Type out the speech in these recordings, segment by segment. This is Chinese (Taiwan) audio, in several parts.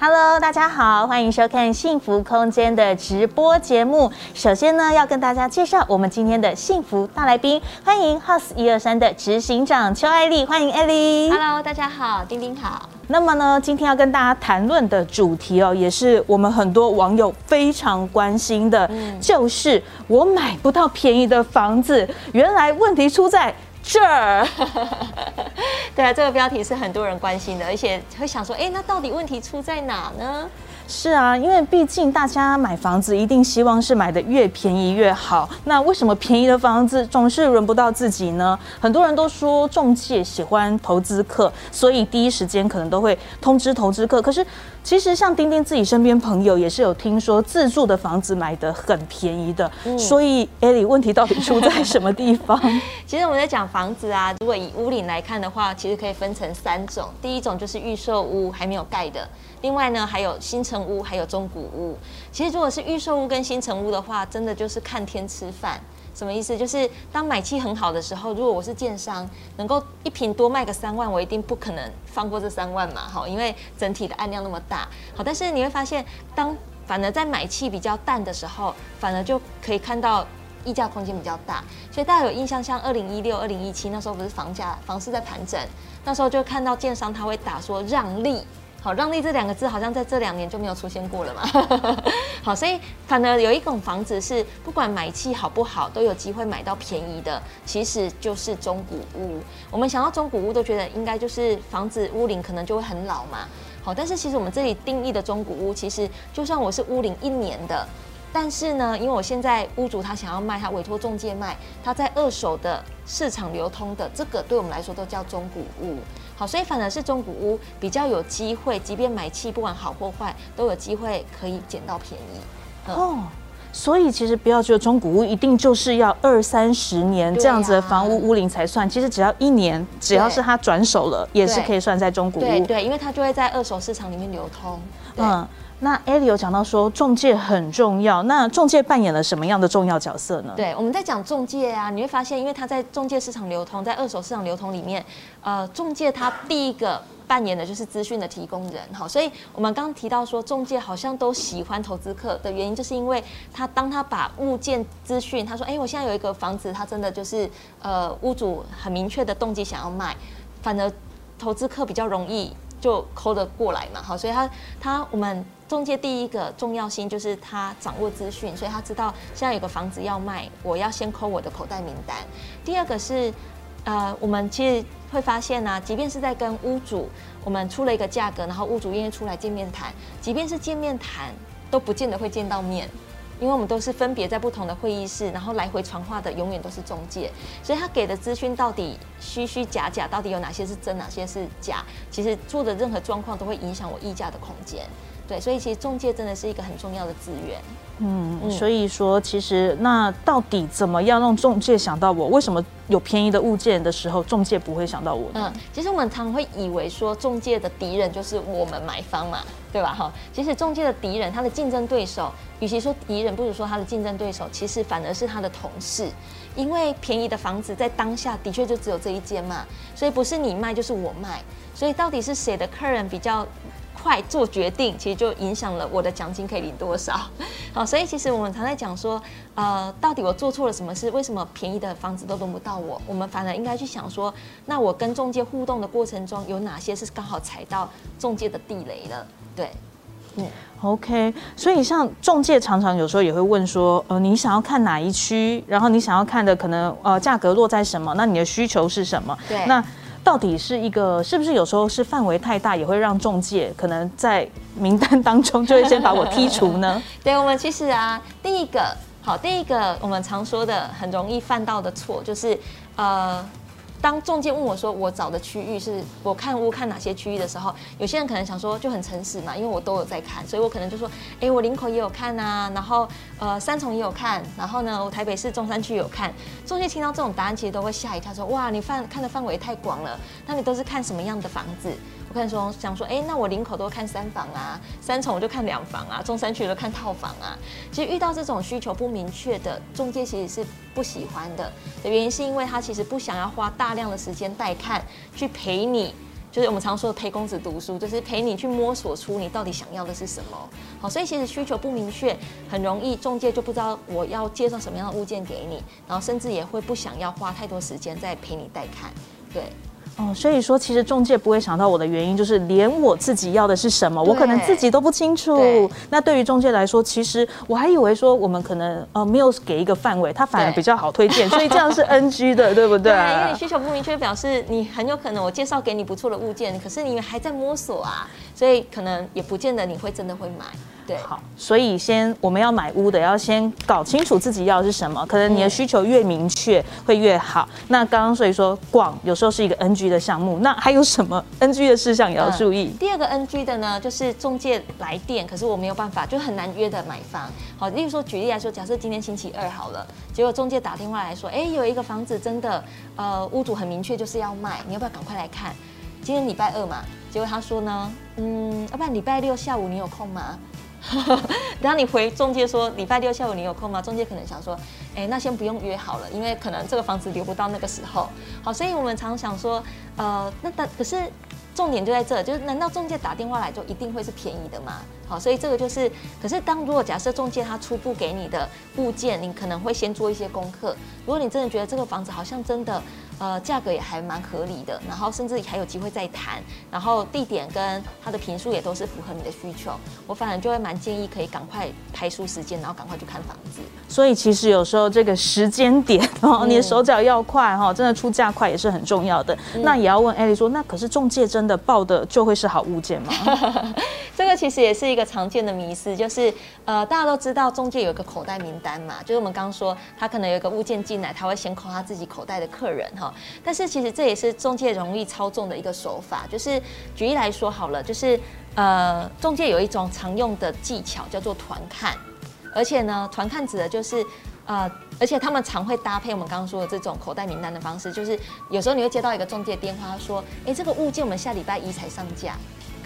Hello，大家好，歡迎收看《幸福空間》的直播節目。首先呢，要跟大家介紹我們今天的幸福大來賓，歡迎 House 一二三的執行長邱愛莉，歡迎 Elly。Hello，大家好，丁丁好。那麼呢，今天要跟大家談論的主題哦，也是我們很多網友非常關心的，嗯、就是我買不到便宜的房子，原來問題出在這兒，是 對啊，這個標題是很多人關心的，而且會想說，哎、欸，那到底問題出在哪呢？是啊，因為畢竟大家買房子一定希望是買得越便宜越好。那為什麼便宜的房子總是輪不到自己呢？很多人都說仲介喜歡投資客，所以第一時間可能都會通知投資客。可是其實像丁丁自己身邊朋友也是有聽說自住的房子買得很便宜的。嗯、所以艾莉問題到底出在什麼地方？ 其實我們在講房子啊，如果以屋齡來看的話，其實可以分成三種。第一種就是預售屋還沒有蓋的，另外呢還有新成。屋還有中古屋，其實如果是預售屋跟新成屋的話，真的就是看天吃飯。什麼意思？就是當買氣很好的時候，如果我是建商，能夠一坪多賣個三萬，我一定不可能放過這三萬嘛，哈，因為整體的案量那麼大。好，但是你會發現，當反而在買氣比較淡的時候，反而就可以看到議價空間比較大。所以大家有印象像2016，像二零一六、二零一七那時候，不是房價房市在盤整，那時候就看到建商他會打說讓利。好，讓利這兩個字好像在這兩年就沒有出現過了嘛。 好，所以反而有一種房子是不管買氣好不好，都有機會買到便宜的，其實就是中古屋。我們想到中古屋，都覺得應該就是房子屋齡可能就會很老嘛。好，但是其實我們這裡定義的中古屋，其實就算我是屋齡一年的，但是呢，因為我現在屋主他想要賣，他委托仲介賣，他在二手的市場流通的，這個對我們來說都叫中古屋。好，所以反而是中古屋比較有機會，即便買氣不管好或壞，都有機會可以撿到便宜。嗯、哦，所以其實不要覺得中古屋一定就是要二三十年這樣子的房屋屋齡才算，啊、其實只要一年，只要是它轉手了，對也是可以算在中古屋。對對，因為它就會在二手市場裡面流通。嗯。那艾莉有講到說仲介很重要，那仲介扮演了什麼樣的重要角色呢？對，我們在講仲介啊，你會發現，因為他在仲介市場流通，在二手市場流通裡面，呃，仲介他第一個扮演的就是資訊的提供人，好，所以我們剛剛提到說仲介好像都喜歡投資客的原因，就是因為他當他把物件資訊，他說，哎、欸，我現在有一個房子，他真的就是呃屋主很明確的動機想要賣，反而投資客比較容易就 call 得過來嘛，好，所以他他我們。中介第一個重要性就是他掌握資訊，所以他知道現在有個房子要賣，我要先 call 我的口袋名單。第二個是，呃，我們其實會發現呢、啊，即便是在跟屋主，我們出了一個價格，然後屋主願意出來見面談，即便是見面談，都不見得會見到面，因為我們都是分別在不同的會議室，然後來回傳話的永遠都是中介，所以他給的資訊到底虛虛假假，到底有哪些是真，哪些是假，其實做的任何狀況都會影響我議價的空間。對，所以其實仲介真的是一個很重要的資源。嗯，所以說，其實那到底怎麼樣讓仲介想到我？為什麼有便宜的物件的時候，仲介不會想到我呢？嗯，其實我們常會以為說，仲介的敵人就是我們買方嘛，對吧？哈，其實仲介的敵人，他的競爭對手，與其說敵人，不如說他的競爭對手，其實反而是他的同事，因為便宜的房子在當下的確就只有這一間嘛，所以不是你賣就是我賣，所以到底是誰的客人比較？快做決定，其實就影響了我的獎金可以領多少。好，所以其實我們常在講說，呃，到底我做錯了什麼事？為什麼便宜的房子都輪不到我？我們反而應該去想說，那我跟仲介互動的過程中，有哪些是剛好踩到仲介的地雷了？對，嗯，OK。所以像仲介常常有時候也會問說，呃，你想要看哪一區？然後你想要看的可能呃價格落在什麼？那你的需求是什麼？對，那。到底是一個是不是有時候是範圍太大，也會讓中介可能在名單當中就會先把我剔除呢？ 對，我們其實啊，第一個好，第一個我們常說的很容易犯到的錯就是呃。當仲介問我說，我找的區域是我看屋看哪些區域的時候，有些人可能想說就很誠實嘛，因為我都有在看，所以我可能就說，哎，我林口也有看啊，然後呃，三重也有看，然後呢，我台北市中山區有看。仲介聽到這種答案其實都會嚇一跳說，說哇，你範看，看的範圍太廣了，那你都是看什麼樣的房子？我看說想說，哎，那我林口都看三房啊，三重我就看兩房啊，中山區都看套房啊。其實遇到這種需求不明確的，仲介其實是不喜歡的。的原因是因為他其實不想要花大量的時間帶看，去陪你，就是我們常說的陪公子讀書，就是陪你去摸索出你到底想要的是什麼。好，所以其實需求不明確，很容易仲介就不知道我要介紹什麼樣的物件給你，然後甚至也會不想要花太多時間再陪你帶看，對。哦，所以說其實仲介不會想到我的原因，就是連我自己要的是什麼，對我可能自己都不清楚。對，那對於仲介來說，其實我還以為說我們可能呃沒有給一個範圍，他反而比較好推薦，對所以這樣是 NG 的， 對不對？對，因為你需求不明確，表示你很有可能我介紹給你不錯的物件，可是你還在摸索啊，所以可能也不見得你會真的會買。對好，所以先我們要買屋的要先搞清楚自己要的是什麼，可能你的需求越明確會越好。那剛剛所以說，逛有時候是一個 NG 的項目，那還有什麼 NG 的事項也要注意、嗯。第二個 NG 的呢，就是仲介來電，可是我沒有辦法，就很難約的買房。好，例如說，舉例來說，假設今天星期二好了，結果仲介打電話來說，哎、欸，有一個房子真的，呃，屋主很明確就是要賣，你要不要趕快來看？今天禮拜二嘛，結果他說呢，嗯，要不然禮拜六下午你有空嗎？然後 你回仲介說禮拜六下午你有空嗎？仲介可能想說，哎、欸，那先不用約好了，因為可能這個房子留不到那個時候。好，所以我們常常想說，呃，那但可是重點就在這，就是難道仲介打電話來就一定會是便宜的嗎？好，所以這個就是，可是當如果假設仲介他初步給你的物件，你可能會先做一些功課。如果你真的覺得這個房子好像真的。呃，價格也還蠻合理的，然後甚至還有機會再談，然後地點跟它的坪數也都是符合你的需求，我反而就會蠻建議可以趕快排出時間，然後趕快去看房子。所以其實有時候這個時間點，然後你的手腳要快哈，真的出價快也是很重要的。嗯、那也要問艾莉說，那可是仲介真的報的就會是好物件嗎？ 這個其實也是一個常見的迷思，就是呃，大家都知道中介有一個口袋名單嘛，就是我們剛剛說他可能有一個物件進來，他會先扣他自己口袋的客人哈。但是其實這也是中介容易操縱的一個手法，就是舉例來說好了，就是呃，中介有一種常用的技巧叫做團看，而且呢，團看指的就是呃，而且他們常會搭配我們剛剛說的這種口袋名單的方式，就是有時候你會接到一個中介電話說，哎、欸，這個物件我們下禮拜一才上架。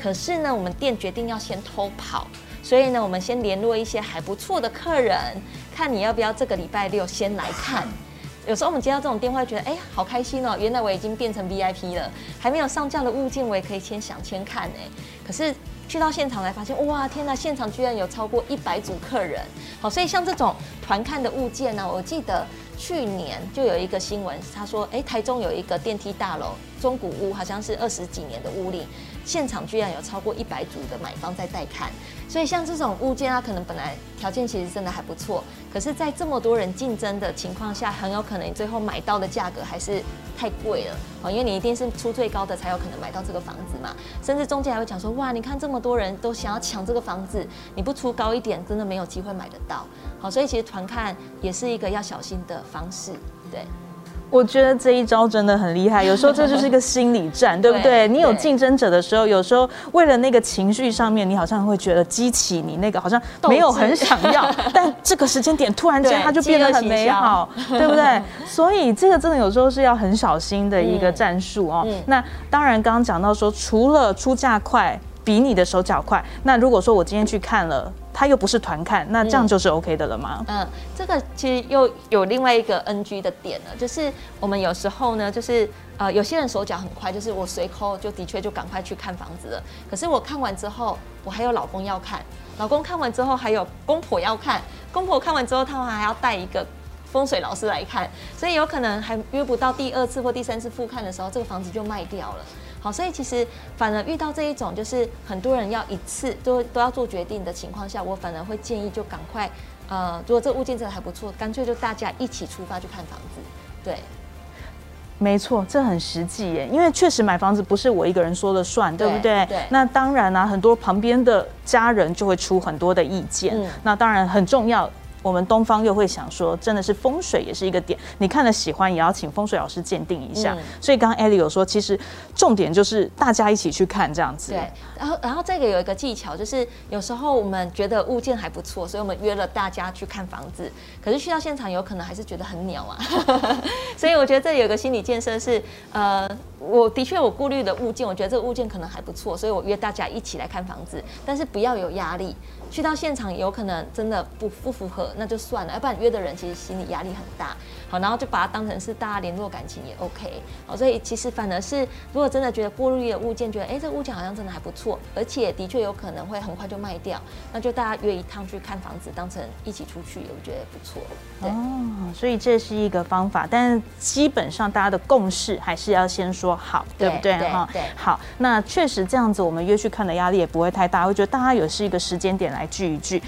可是呢，我們店決定要先偷跑，所以呢，我們先聯絡一些還不錯的客人，看你要不要這個禮拜六先來看。有時候我們接到這種電話，覺得哎、欸，好開心哦、喔，原來我已經變成 VIP 了，還沒有上架的物件，我也可以先想先看哎。可是去到現場來發現，哇，天哪，現場居然有超過一百組客人。好，所以像這種團看的物件呢，我記得去年就有一個新聞，他說，哎、欸，台中有一個電梯大樓中古屋，好像是二十幾年的屋齡現場居然有超過一百組的買方在帶看，所以像這種物件啊，可能本來條件其實真的還不錯，可是，在這麼多人競爭的情況下，很有可能你最後買到的價格還是太貴了，好，因為你一定是出最高的才有可能買到這個房子嘛，甚至中介還會講說，哇，你看這麼多人都想要搶這個房子，你不出高一點，真的沒有機會買得到，好，所以其實團看也是一個要小心的方式，對。我覺得這一招真的很厲害，有時候這就是一個心理戰，對不對？你有競爭者的時候，有時候為了那個情緒上面，你好像會覺得激起你那個好像沒有很想要，但這個時間點突然間它就變得很美好，對不對？所以這個真的有時候是要很小心的一個戰術哦。那當然，剛剛講到說，除了出價快。比你的手腳快。那如果說我今天去看了，他又不是團看，那這樣就是 OK 的了嗎？嗯，這個其實又有另外一個 NG 的點了，就是我們有時候呢，就是呃，有些人手腳很快，就是我隨口就的確就趕快去看房子了。可是我看完之後，我還有老公要看，老公看完之後還有公婆要看，公婆看完之後他們還要帶一個風水老師來看，所以有可能還約不到第二次或第三次複看的時候，這個房子就賣掉了。好，所以其實反而遇到這一種，就是很多人要一次都都要做決定的情況下，我反而會建議就趕快，呃，如果這物件真的還不錯，乾脆就大家一起出發去看房子。對，沒錯，這很實際耶，因為確實買房子不是我一個人說了算，對，對不對？對。那當然啦、啊，很多旁邊的家人就會出很多的意見，嗯、那當然很重要。我們東方又會想說，真的是風水也是一個點，你看了喜歡也要請風水老師鑑定一下。所以剛剛艾莉有說，其實重點就是大家一起去看這樣子。對，然後然後這個有一個技巧，就是有時候我們覺得物件還不錯，所以我們約了大家去看房子。可是去到現場有可能還是覺得很鳥啊，所以我覺得這裡有個心理建設是，呃，我的確我顧慮的物件，我覺得這個物件可能還不錯，所以我約大家一起來看房子，但是不要有壓力。去到現場有可能真的不不符合，那就算了，要不然約的人其實心理壓力很大。好，然後就把它當成是大家聯絡感情也 OK。好，所以其實反而是如果真的覺得過濾的物件，覺得哎、欸，這物件好像真的還不錯，而且的確有可能會很快就賣掉，那就大家約一趟去看房子，當成一起出去，我覺得不錯、哦。所以這是一個方法，但基本上大家的共識還是要先說好，對，對不對？哈，對對好，那確實這樣子，我們約去看的壓力也不會太大，我覺得大家也是一個時間點來，來聚一聚。